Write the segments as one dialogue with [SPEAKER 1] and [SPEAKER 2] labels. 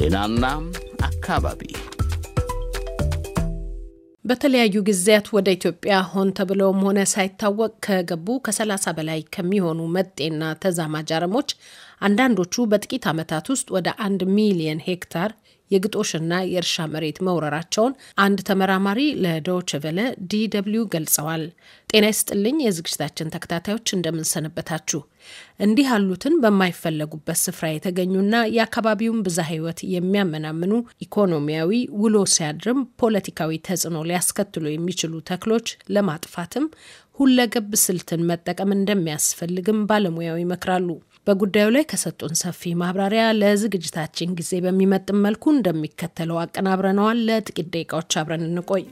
[SPEAKER 1] ጤናና አካባቢ
[SPEAKER 2] በተለያዩ ጊዜያት ወደ ኢትዮጵያ ሆን ተብለውም ሆነ ሳይታወቅ ከገቡ ከ30 በላይ ከሚሆኑ መጤና ተዛማጅ አረሞች አንዳንዶቹ በጥቂት ዓመታት ውስጥ ወደ አንድ ሚሊየን ሄክታር የግጦሽና የእርሻ መሬት መውረራቸውን አንድ ተመራማሪ ለዶችቨለ ዲደብሊው ገልጸዋል። ጤና ይስጥልኝ የዝግጅታችን ተከታታዮች እንደምንሰነበታችሁ። እንዲህ ያሉትን በማይፈለጉበት ስፍራ የተገኙና የአካባቢውን ብዝሃ ሕይወት የሚያመናምኑ ኢኮኖሚያዊ ውሎ ሲያድርም ፖለቲካዊ ተጽዕኖ ሊያስከትሉ የሚችሉ ተክሎች ለማጥፋትም ሁለገብ ስልትን መጠቀም እንደሚያስፈልግም ባለሙያው ይመክራሉ። በጉዳዩ ላይ ከሰጡን ሰፊ ማብራሪያ ለዝግጅታችን ጊዜ በሚመጥን መልኩ እንደሚከተለው አቀናብረነዋል። ለጥቂት ደቂቃዎች አብረን እንቆይ።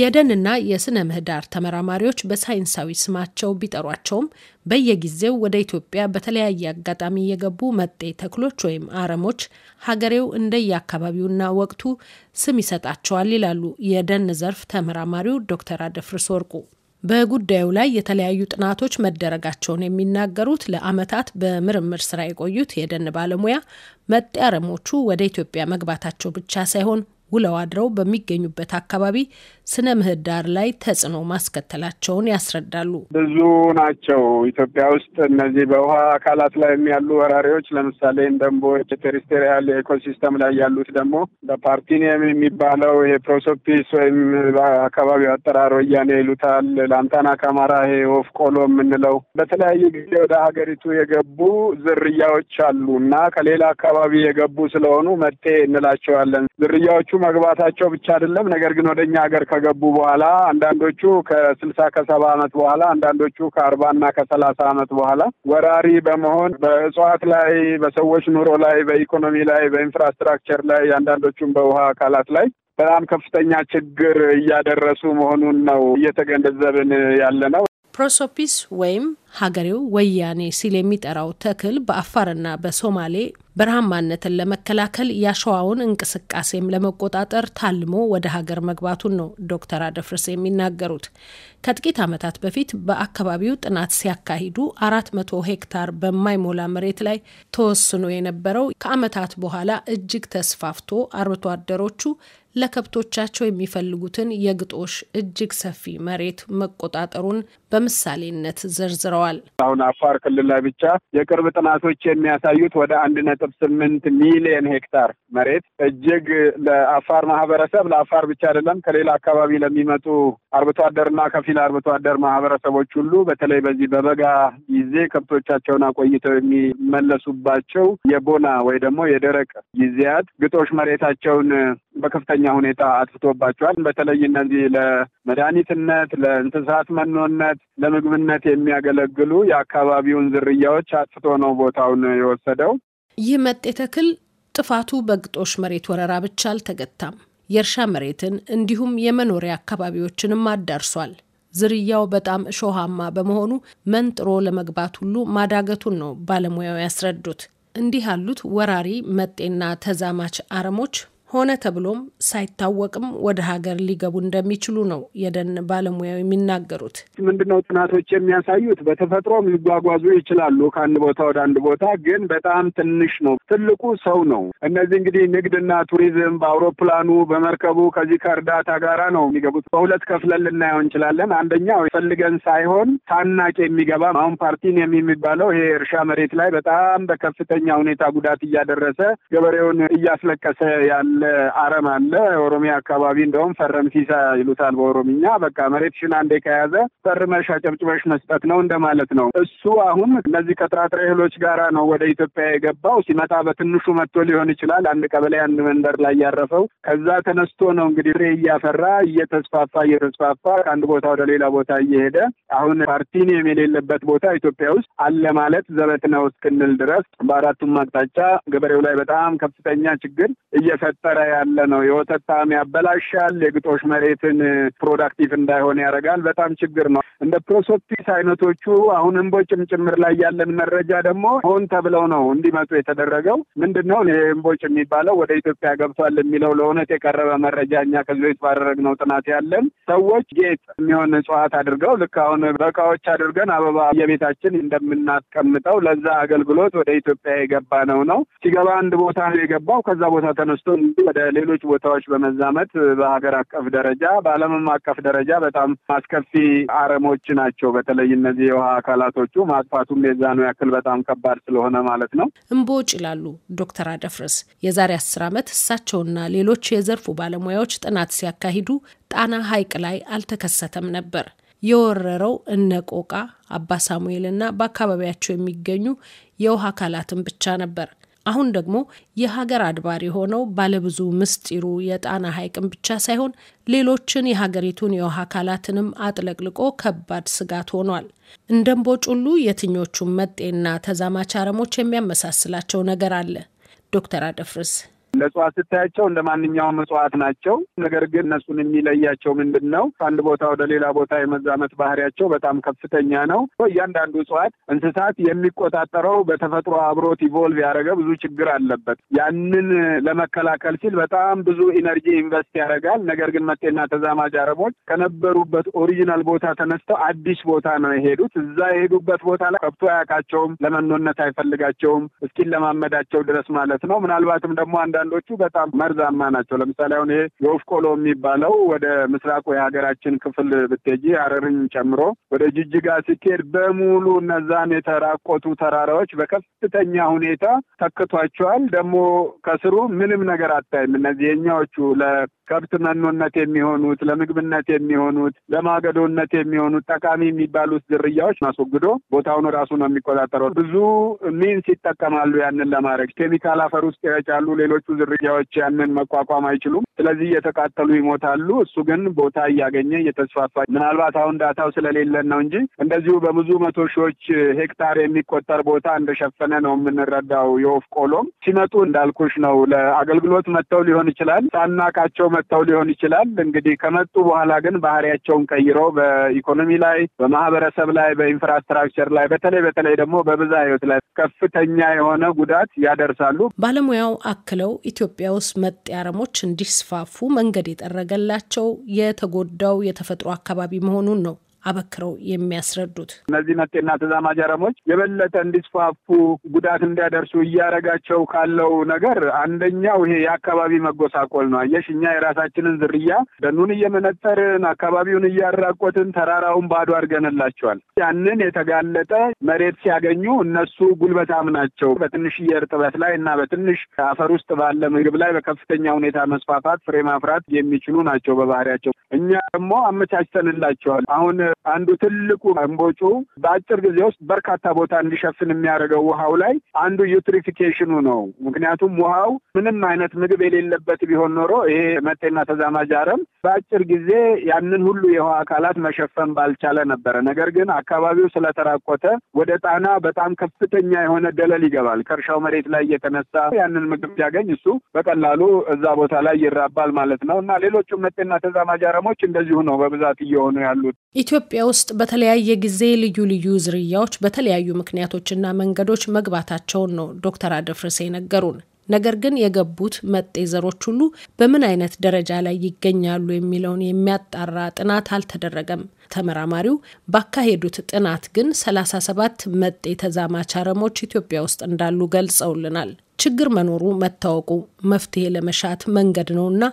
[SPEAKER 2] የደንና የስነ ምህዳር ተመራማሪዎች በሳይንሳዊ ስማቸው ቢጠሯቸውም በየጊዜው ወደ ኢትዮጵያ በተለያየ አጋጣሚ የገቡ መጤ ተክሎች ወይም አረሞች ሀገሬው እንደየአካባቢውና ወቅቱ ስም ይሰጣቸዋል ይላሉ የደን ዘርፍ ተመራማሪው ዶክተር አደፍርስ ወርቁ። በጉዳዩ ላይ የተለያዩ ጥናቶች መደረጋቸውን የሚናገሩት ለዓመታት በምርምር ስራ የቆዩት የደን ባለሙያ መጤ አረሞቹ ወደ ኢትዮጵያ መግባታቸው ብቻ ሳይሆን ውለው አድረው በሚገኙበት አካባቢ ስነ ምህዳር ላይ ተጽዕኖ ማስከተላቸውን ያስረዳሉ።
[SPEAKER 1] ብዙ ናቸው ኢትዮጵያ ውስጥ እነዚህ በውሃ አካላት ላይ ያሉ ወራሪዎች፣ ለምሳሌ እንደንቦ ቴሪስቴሪያል ኢኮሲስተም ላይ ያሉት ደግሞ በፓርቲኒየም የሚባለው የፕሮሶፒስ ወይም አካባቢው አጠራር ወያኔ ይሉታል፣ ላንታና ካማራ፣ ይሄ ወፍ ቆሎ የምንለው በተለያየ ጊዜ ወደ ሀገሪቱ የገቡ ዝርያዎች አሉ እና ከሌላ አካባቢ የገቡ ስለሆኑ መጤ እንላቸዋለን። ዝርያዎቹ መግባታቸው ብቻ አይደለም። ነገር ግን ወደ እኛ ሀገር ከገቡ በኋላ አንዳንዶቹ ከስልሳ ከሰባ ዓመት በኋላ አንዳንዶቹ ከአርባ እና ከሰላሳ ዓመት በኋላ ወራሪ በመሆን በእጽዋት ላይ፣ በሰዎች ኑሮ ላይ፣ በኢኮኖሚ ላይ፣ በኢንፍራስትራክቸር ላይ አንዳንዶቹም በውሃ አካላት ላይ በጣም ከፍተኛ ችግር እያደረሱ መሆኑን ነው እየተገነዘብን ያለ ነው።
[SPEAKER 2] ፕሮሶፒስ ወይም ሀገሬው ወያኔ ሲል የሚጠራው ተክል በአፋርና በሶማሌ በረሃማነትን ለመከላከል ያሸዋውን እንቅስቃሴም ለመቆጣጠር ታልሞ ወደ ሀገር መግባቱን ነው ዶክተር አደፍርስ የሚናገሩት። ከጥቂት ዓመታት በፊት በአካባቢው ጥናት ሲያካሂዱ አራት መቶ ሄክታር በማይሞላ መሬት ላይ ተወስኖ የነበረው ከዓመታት በኋላ እጅግ ተስፋፍቶ አርብቶ አደሮቹ ለከብቶቻቸው የሚፈልጉትን የግጦሽ እጅግ ሰፊ መሬት መቆጣጠሩን በምሳሌነት ዘርዝረዋል። ብለዋል።
[SPEAKER 1] አሁን አፋር ክልል ላይ ብቻ የቅርብ ጥናቶች የሚያሳዩት ወደ አንድ ነጥብ ስምንት ሚሊየን ሄክታር መሬት እጅግ ለአፋር ማህበረሰብ ለአፋር ብቻ አይደለም ከሌላ አካባቢ ለሚመጡ አርብቶ አደርና ከፊል አርብቶ አደር ማህበረሰቦች ሁሉ በተለይ በዚህ በበጋ ጊዜ ከብቶቻቸውን አቆይተው የሚመለሱባቸው የቦና ወይ ደግሞ የደረቅ ጊዜያት ግጦሽ መሬታቸውን በከፍተኛ ሁኔታ አጥፍቶባቸዋል። በተለይ እነዚህ ለመድኃኒትነት፣ ለእንስሳት መኖነት፣ ለምግብነት የሚያገለግ በትግሉ የአካባቢውን ዝርያዎች አጥፍቶ ነው ቦታውን የወሰደው።
[SPEAKER 2] ይህ መጤ ተክል ጥፋቱ በግጦሽ መሬት ወረራ ብቻ አልተገታም። የእርሻ መሬትን እንዲሁም የመኖሪያ አካባቢዎችንም አዳርሷል። ዝርያው በጣም እሾሃማ በመሆኑ መንጥሮ ለመግባት ሁሉ ማዳገቱን ነው ባለሙያው ያስረዱት። እንዲህ ያሉት ወራሪ መጤና ተዛማች አረሞች ሆነ ተብሎም ሳይታወቅም ወደ ሀገር ሊገቡ እንደሚችሉ ነው የደን ባለሙያው የሚናገሩት።
[SPEAKER 1] ምንድነው ጥናቶች የሚያሳዩት በተፈጥሮም ሊጓጓዙ ይችላሉ ከአንድ ቦታ ወደ አንድ ቦታ፣ ግን በጣም ትንሽ ነው። ትልቁ ሰው ነው። እነዚህ እንግዲህ ንግድና ቱሪዝም በአውሮፕላኑ በመርከቡ ከዚህ ከእርዳታ ጋራ ነው የሚገቡት። በሁለት ከፍለን ልናየው እንችላለን። አንደኛው ፈልገን ሳይሆን ታናቂ የሚገባ አሁን ፓርቲን የሚባለው ይሄ እርሻ መሬት ላይ በጣም በከፍተኛ ሁኔታ ጉዳት እያደረሰ ገበሬውን እያስለቀሰ ያለ አረም አለ። ኦሮሚያ አካባቢ እንደውም ፈረም ሲሳ ይሉታል በኦሮምኛ። በቃ መሬትሽን አንዴ ከያዘ ፈርመሽ አጨብጭበሽ መስጠት ነው እንደማለት ነው። እሱ አሁን እነዚህ ከጥራጥሬ እህሎች ጋራ ነው ወደ ኢትዮጵያ የገባው። ሲመጣ በትንሹ መጥቶ ሊሆን ይችላል አንድ ቀበሌ አንድ መንደር ላይ ያረፈው። ከዛ ተነስቶ ነው እንግዲህ ፍሬ እያፈራ እየተስፋፋ እየተስፋፋ ከአንድ ቦታ ወደ ሌላ ቦታ እየሄደ አሁን ፓርቲኒየም የሌለበት ቦታ ኢትዮጵያ ውስጥ አለ ማለት ዘበት ነው እስክንል ድረስ በአራቱም አቅጣጫ ገበሬው ላይ በጣም ከፍተኛ ችግር እየፈጠ እየጨመረ ያለ ነው። የወተት ጣዕም ያበላሻል። የግጦሽ መሬትን ፕሮዳክቲቭ እንዳይሆን ያደርጋል። በጣም ችግር ነው። እንደ ፕሮሶፒስ አይነቶቹ አሁንም እምቦጭም ጭምር ላይ ያለን መረጃ ደግሞ ሆን ተብለው ነው እንዲመጡ የተደረገው። ምንድን ነው ይህ እምቦጭ የሚባለው ወደ ኢትዮጵያ ገብቷል የሚለው ለእውነት የቀረበ መረጃ እኛ ከዚህ በፊት ባደረግነው ጥናት ያለን ሰዎች ጌጥ የሚሆን እጽዋት አድርገው ልክ አሁን በእቃዎች አድርገን አበባ የቤታችን እንደምናስቀምጠው ለዛ አገልግሎት ወደ ኢትዮጵያ የገባ ነው ነው ሲገባ አንድ ቦታ ነው የገባው። ከዛ ቦታ ተነስቶ ወደ ሌሎች ቦታዎች በመዛመት በሀገር አቀፍ ደረጃ በዓለምም አቀፍ ደረጃ በጣም አስከፊ አረሞች ናቸው። በተለይ እነዚህ የውሃ አካላቶቹ ማጥፋቱም የዛኑ ያክል በጣም ከባድ ስለሆነ ማለት
[SPEAKER 2] ነው። እምቦጭ ይላሉ ዶክተር አደፍርስ። የዛሬ አስር ዓመት እሳቸውና ሌሎች የዘርፉ ባለሙያዎች ጥናት ሲያካሂዱ ጣና ሐይቅ ላይ አልተከሰተም ነበር። የወረረው እነ ቆቃ አባ ሳሙኤልና በአካባቢያቸው የሚገኙ የውሃ አካላትን ብቻ ነበር። አሁን ደግሞ የሀገር አድባር የሆነው ባለብዙ ምስጢሩ የጣና ሐይቅን ብቻ ሳይሆን ሌሎችን የሀገሪቱን የውሃ አካላትንም አጥለቅልቆ ከባድ ስጋት ሆኗል። እንደም እምቦጭ ሁሉ መጤና ተዛማች አረሞች የሚያመሳስላቸው ነገር አለ። ዶክተር አደፍርስ
[SPEAKER 1] እጽዋት ስታያቸው እንደ ማንኛውም እጽዋት ናቸው። ነገር ግን እነሱን የሚለያቸው ምንድን ነው? ከአንድ ቦታ ወደ ሌላ ቦታ የመዛመት ባህሪያቸው በጣም ከፍተኛ ነው። እያንዳንዱ እጽዋት እንስሳት የሚቆጣጠረው በተፈጥሮ አብሮት ኢቮልቭ ያደረገ ብዙ ችግር አለበት። ያንን ለመከላከል ሲል በጣም ብዙ ኢነርጂ ኢንቨስት ያደርጋል። ነገር ግን መጤና ተዛማጅ አረቦች ከነበሩበት ኦሪጂናል ቦታ ተነስተው አዲስ ቦታ ነው የሄዱት። እዛ የሄዱበት ቦታ ላይ ከብቶ አያውቃቸውም፣ ለመኖነት አይፈልጋቸውም ለማመዳቸው ድረስ ማለት ነው። ምናልባትም ደግሞ አንዳንዱ አንዳንዶቹ በጣም መርዛማ ናቸው። ለምሳሌ አሁን ይሄ የወፍ ቆሎ የሚባለው ወደ ምስራቁ የሀገራችን ክፍል ብትሄጂ ሀረርን ጨምሮ ወደ ጅጅጋ ሲኬድ በሙሉ እነዛን የተራቆቱ ተራራዎች በከፍተኛ ሁኔታ ተክቷቸዋል። ደግሞ ከስሩ ምንም ነገር አታይም። እነዚህ የኛዎቹ ለከብት መኖነት የሚሆኑት፣ ለምግብነት የሚሆኑት፣ ለማገዶነት የሚሆኑት ጠቃሚ የሚባሉት ዝርያዎች አስወግዶ ቦታውን ራሱ ነው የሚቆጣጠረው። ብዙ ሚንስ ይጠቀማሉ ያንን ለማድረግ ኬሚካል አፈር ውስጥ ይረጫሉ። ሌሎቹ ዝርያዎች ያንን መቋቋም አይችሉም። ስለዚህ እየተቃጠሉ ይሞታሉ። እሱ ግን ቦታ እያገኘ እየተስፋፋ ምናልባት አሁን ዳታው ስለሌለን ነው እንጂ እንደዚሁ በብዙ መቶ ሺዎች ሄክታር የሚቆጠር ቦታ እንደሸፈነ ነው የምንረዳው። የወፍ ቆሎም ሲመጡ እንዳልኩሽ ነው ለአገልግሎት መጥተው ሊሆን ይችላል፣ ሳናቃቸው መጥተው ሊሆን ይችላል። እንግዲህ ከመጡ በኋላ ግን ባህሪያቸውን ቀይረው በኢኮኖሚ ላይ፣ በማህበረሰብ ላይ፣ በኢንፍራስትራክቸር ላይ በተለይ በተለይ ደግሞ በብዝሃ ህይወት ላይ ከፍተኛ የሆነ ጉዳት ያደርሳሉ።
[SPEAKER 2] ባለሙያው አክለው ኢትዮጵያ ውስጥ መጤ አረሞች እንዲስፋፉ መንገድ የጠረገላቸው የተጎዳው የተፈጥሮ አካባቢ መሆኑን ነው አበክረው
[SPEAKER 1] የሚያስረዱት እነዚህ መጤና ተዛማጅ አረሞች የበለጠ እንዲስፋፉ ጉዳት እንዲያደርሱ እያረጋቸው ካለው ነገር አንደኛው ይሄ የአካባቢ መጎሳቆል ነው። አየሽ እኛ የራሳችንን ዝርያ ደኑን እየመነጠርን አካባቢውን እያራቆትን ተራራውን ባዶ አድርገንላቸዋል። ያንን የተጋለጠ መሬት ሲያገኙ እነሱ ጉልበታም ናቸው። በትንሽዬ እርጥበት ላይ እና በትንሽ አፈር ውስጥ ባለ ምግብ ላይ በከፍተኛ ሁኔታ መስፋፋት ፍሬ ማፍራት የሚችሉ ናቸው በባህሪያቸው። እኛ ደግሞ አመቻችተንላቸዋል አሁን አንዱ ትልቁ እምቦጩ በአጭር ጊዜ ውስጥ በርካታ ቦታ እንዲሸፍን የሚያደርገው ውሃው ላይ አንዱ ዩትሪፊኬሽኑ ነው። ምክንያቱም ውሃው ምንም አይነት ምግብ የሌለበት ቢሆን ኖሮ ይሄ መጤና ተዛማጅ አረም በአጭር ጊዜ ያንን ሁሉ የውሃ አካላት መሸፈን ባልቻለ ነበረ። ነገር ግን አካባቢው ስለተራቆተ ወደ ጣና በጣም ከፍተኛ የሆነ ደለል ይገባል። ከእርሻው መሬት ላይ እየተነሳ ያንን ምግብ ሲያገኝ እሱ በቀላሉ እዛ ቦታ ላይ ይራባል ማለት ነው እና ሌሎቹም መጤና ተዛማጅ አረሞች እንደዚሁ ነው በብዛት እየሆኑ ያሉት።
[SPEAKER 2] ኢትዮጵያ ውስጥ በተለያየ ጊዜ ልዩ ልዩ ዝርያዎች በተለያዩ ምክንያቶችና መንገዶች መግባታቸውን ነው ዶክተር አደፍርስ የነገሩን። ነገር ግን የገቡት መጤ ዘሮች ሁሉ በምን አይነት ደረጃ ላይ ይገኛሉ የሚለውን የሚያጣራ ጥናት አልተደረገም። ተመራማሪው ባካሄዱት ጥናት ግን 37 መጤ ተዛማች አረሞች ኢትዮጵያ ውስጥ እንዳሉ ገልጸውልናል። ችግር መኖሩ መታወቁ መፍትሄ ለመሻት መንገድ ነውና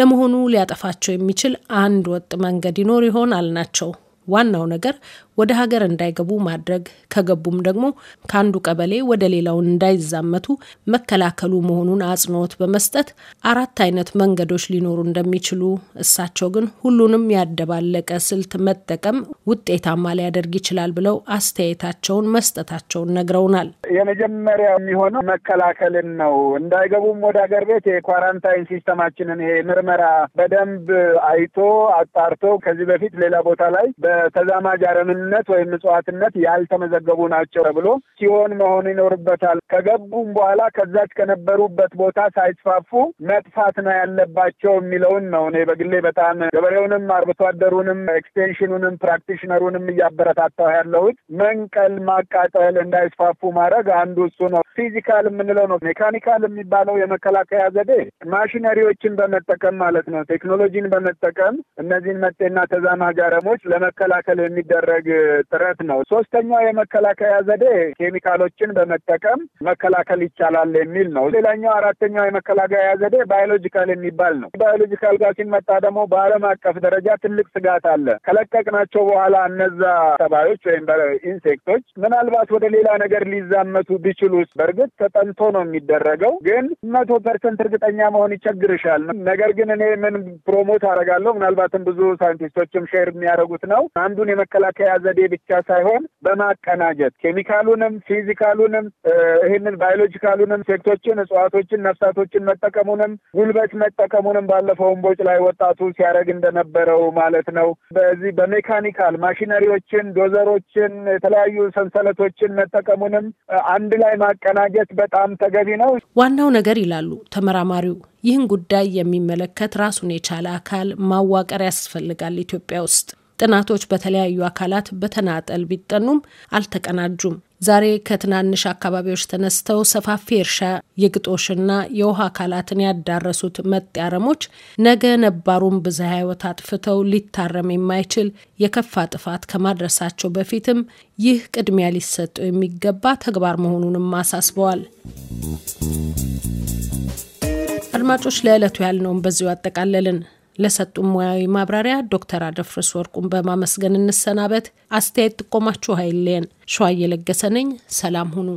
[SPEAKER 2] ለመሆኑ ሊያጠፋቸው የሚችል አንድ ወጥ መንገድ ይኖር ይሆን አልናቸው። ዋናው ነገር ወደ ሀገር እንዳይገቡ ማድረግ ከገቡም ደግሞ ከአንዱ ቀበሌ ወደ ሌላውን እንዳይዛመቱ መከላከሉ መሆኑን አጽንኦት በመስጠት አራት አይነት መንገዶች ሊኖሩ እንደሚችሉ፣ እሳቸው ግን ሁሉንም ያደባለቀ ስልት መጠቀም ውጤታማ ሊያደርግ ይችላል ብለው አስተያየታቸውን መስጠታቸውን ነግረውናል።
[SPEAKER 1] የመጀመሪያ የሚሆነው መከላከልን ነው። እንዳይገቡም ወደ ሀገር ቤት የኳራንታይን ሲስተማችንን ይሄ ምርመራ በደንብ አይቶ አጣርቶ ከዚህ በፊት ሌላ ቦታ ላይ በተዛማጅ አረምን ጤፍነት ወይም እጽዋትነት ያልተመዘገቡ ናቸው ተብሎ ሲሆን መሆን ይኖርበታል። ከገቡም በኋላ ከዛች ከነበሩበት ቦታ ሳይስፋፉ መጥፋት ነው ያለባቸው የሚለውን ነው እኔ በግሌ በጣም ገበሬውንም አርብቶ አደሩንም ኤክስቴንሽኑንም ፕራክቲሽነሩንም እያበረታታው ያለሁት መንቀል፣ ማቃጠል፣ እንዳይስፋፉ ማድረግ አንዱ እሱ ነው። ፊዚካል የምንለው ነው። ሜካኒካል የሚባለው የመከላከያ ዘዴ ማሽነሪዎችን በመጠቀም ማለት ነው። ቴክኖሎጂን በመጠቀም እነዚህን መጤና ተዛማጅ አረሞች ለመከላከል የሚደረግ ጥረት ነው። ሶስተኛው የመከላከያ ዘዴ ኬሚካሎችን በመጠቀም መከላከል ይቻላል የሚል ነው። ሌላኛው አራተኛው የመከላከያ ዘዴ ባዮሎጂካል የሚባል ነው። ባዮሎጂካል ጋር ሲመጣ ደግሞ በዓለም አቀፍ ደረጃ ትልቅ ስጋት አለ። ከለቀቅናቸው በኋላ እነዛ ተባዮች ወይም ኢንሴክቶች ምናልባት ወደ ሌላ ነገር ሊዛመቱ ቢችሉስ? በእርግጥ ተጠንቶ ነው የሚደረገው፣ ግን መቶ ፐርሰንት እርግጠኛ መሆን ይቸግርሻል። ነገር ግን እኔ ምን ፕሮሞት አደርጋለሁ፣ ምናልባትም ብዙ ሳይንቲስቶችም ሼር የሚያደርጉት ነው አንዱን የመከላከያ ዘዴ ብቻ ሳይሆን በማቀናጀት ኬሚካሉንም ፊዚካሉንም ይህንን ባዮሎጂካሉንም ሴክቶችን እጽዋቶችን ነፍሳቶችን መጠቀሙንም ጉልበት መጠቀሙንም ባለፈው እምቦጭ ላይ ወጣቱ ሲያደርግ እንደነበረው ማለት ነው። በዚህ በሜካኒካል ማሽነሪዎችን፣ ዶዘሮችን፣ የተለያዩ ሰንሰለቶችን መጠቀሙንም አንድ ላይ ማቀናጀት
[SPEAKER 2] በጣም ተገቢ ነው። ዋናው ነገር ይላሉ ተመራማሪው ይህን ጉዳይ የሚመለከት ራሱን የቻለ አካል ማዋቀር ያስፈልጋል ኢትዮጵያ ውስጥ ጥናቶች በተለያዩ አካላት በተናጠል ቢጠኑም አልተቀናጁም። ዛሬ ከትናንሽ አካባቢዎች ተነስተው ሰፋፊ እርሻ የግጦሽና የውሃ አካላትን ያዳረሱት መጤ አረሞች ነገ ነባሩን ብዝሃ ሕይወት አጥፍተው ሊታረም የማይችል የከፋ ጥፋት ከማድረሳቸው በፊትም ይህ ቅድሚያ ሊሰጠው የሚገባ ተግባር መሆኑንም አሳስበዋል። አድማጮች፣ ለዕለቱ ያልነውም በዚሁ አጠቃለልን። ለሰጡ ሙያዊ ማብራሪያ ዶክተር አደፍርስ ወርቁን በማመስገን እንሰናበት። አስተያየት ጥቆማችሁ አይለየን። ሸዋ እየለገሰ ነኝ። ሰላም ሁኑ።